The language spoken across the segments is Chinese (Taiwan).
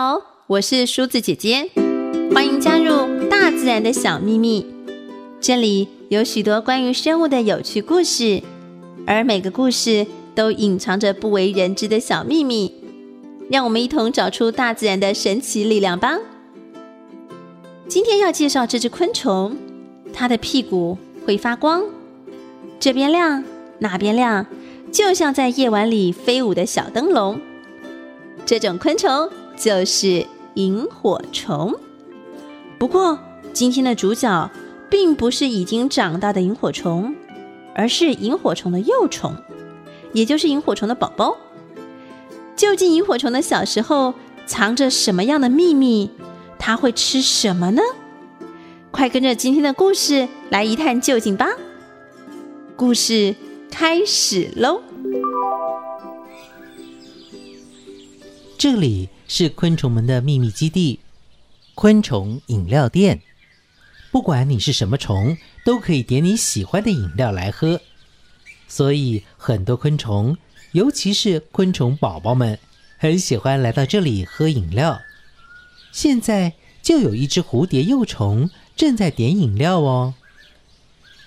好，我是梳子姐姐，歡迎加入大自然的小秘密。這裡有許多關於生物的有趣故事，而每個故事都隱藏着不為人知的小秘密。讓我們一同找出大自然的神奇力量吧。今天要介紹這只昆蟲，它的屁股會發光，這邊亮，那邊亮，就像在夜晚裡飛舞的小燈籠。這種昆蟲。就是螢火蟲，不過今天的主角並不是已經長大的螢火蟲，而是螢火蟲的幼蟲，也就是螢火蟲的寶寶。究竟螢火蟲的小時候藏着什麼樣的秘密？它會吃什麼呢？快跟着今天的故事來一探究竟吧！故事開始嘍。這裡是昆蟲們的秘密基地——昆蟲飲料店。不管你是什麼蟲，都可以點你喜歡的飲料來喝。所以，很多昆蟲，尤其是昆蟲寶寶們，很喜歡來到這裡喝飲料。現在就有一隻蝴蝶幼蟲正在點飲料哦。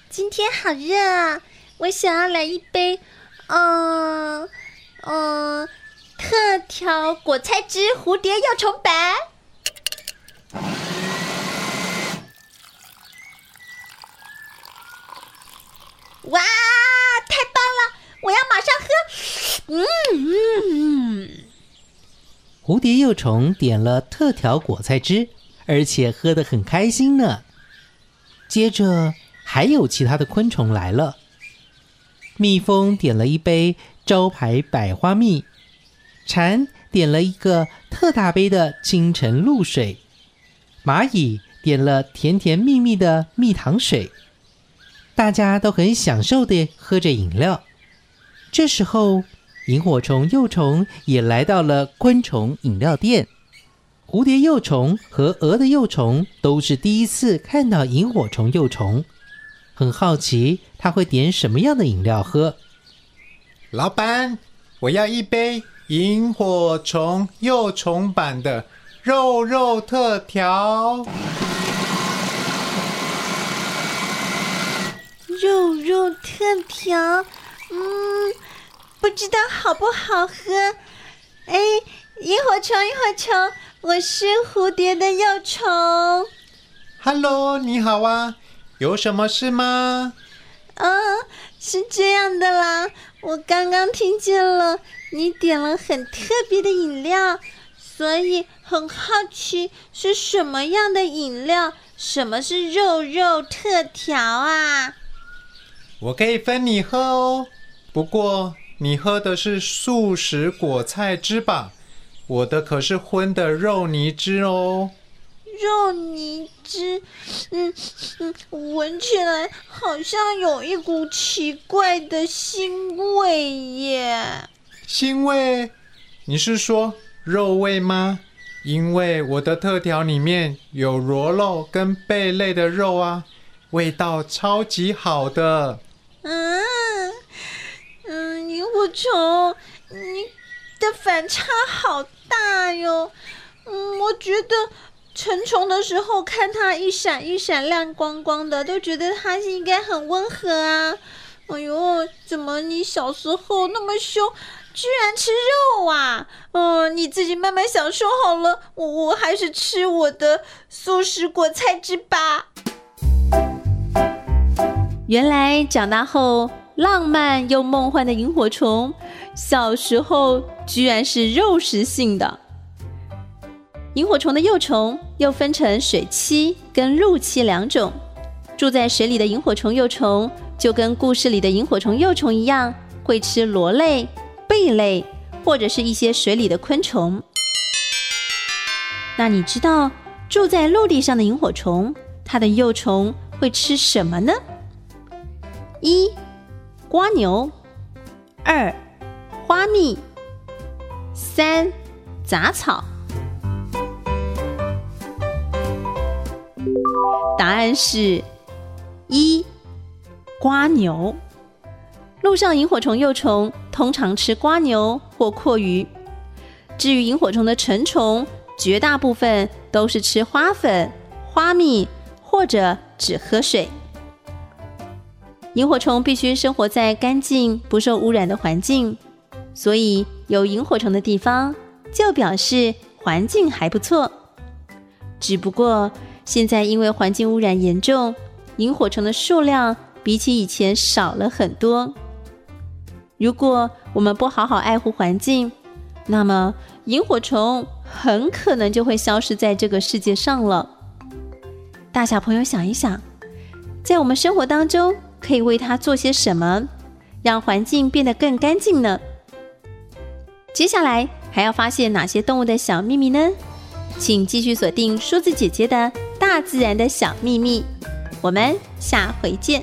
今天好熱啊！我想要來一杯……嗯、呃、嗯。呃特調果菜汁，蝴蝶幼蟲版。哇，太棒了！我要馬上喝。嗯嗯嗯。嗯，蝴蝶幼蟲點了特調果菜汁，而且喝得很開心呢。接着還有其他的昆蟲來了，蜜蜂點了一杯招牌百花蜜。蟬點了一個特大杯的清晨露水，螞蟻點了甜甜蜜蜜的蜜糖水，大家都很享受地喝着飲料。這時候，螢火蟲幼蟲也來到了昆蟲飲料店。蝴蝶幼蟲和蛾的幼蟲都是第一次看到螢火蟲幼蟲，很好奇它會點什麼樣的飲料喝。老板，我要一杯。螢火蟲幼蟲版的肉肉特調，肉肉特調，嗯，不知道好不好喝？哎，螢火蟲，螢火蟲，我是蝴蝶的幼蟲。哈嘍，你好啊，有什麼事嗎？嗯。Uh, 是這樣的啦，我剛剛聽見了，你點了很特別的飲料，所以很好奇是什麼樣的飲料，什麼是肉肉特調啊？我可以分你喝哦，不過你喝的是素食果菜汁吧？我的可是葷的肉泥汁哦。肉泥汁，嗯嗯，聞起來好像有一股奇怪的腥味耶。腥味？你是說肉味嗎？因為我的特調裡面有螺肉跟貝類的肉啊，味道超級好的。嗯、啊、嗯，螢火蟲，你的反差好大喲、哦嗯。我覺得。成蟲的時候，看它一閃一閃亮光光的，都覺得它是應該很溫和啊。哎呦，怎麼你小時候那麼兇，居然吃肉啊？嗯，你自己慢慢享受好了，我我還是吃我的素食果菜汁吧。原來長大後浪漫又夢幻的螢火蟲，小時候居然是肉食性的。螢火蟲的幼蟲又分成水棲跟陸棲兩種。住在水裡的螢火蟲幼蟲就跟故事裡的螢火蟲幼蟲一樣，會吃螺類、貝類或者是一些水裡的昆蟲。那你知道住在陸地上的螢火蟲，它的幼蟲會吃什麼呢？一蝸牛，二花蜜，三雜草。答案是一：一蝸牛。陸上螢火蟲幼蟲通常吃蝸牛或蛞蝓。至於螢火蟲的成蟲，絕大部分都是吃花粉、花蜜，或者只喝水。螢火蟲必須生活在乾淨、不受污染的環境，所以有螢火蟲的地方就表示環境還不錯。只不過。現在因為環境污染嚴重，螢火蟲的數量比起以前少了很多。如果我們不好好愛護環境，那麼螢火蟲很可能就會消失在這個世界上了。大小朋友想一想，在我們生活當中可以為它做些什麼，讓環境變得更乾淨呢？接下來還要發現哪些動物的小祕密呢？請繼續鎖定梳子姐姐的。大自然的小秘密，我們下回見。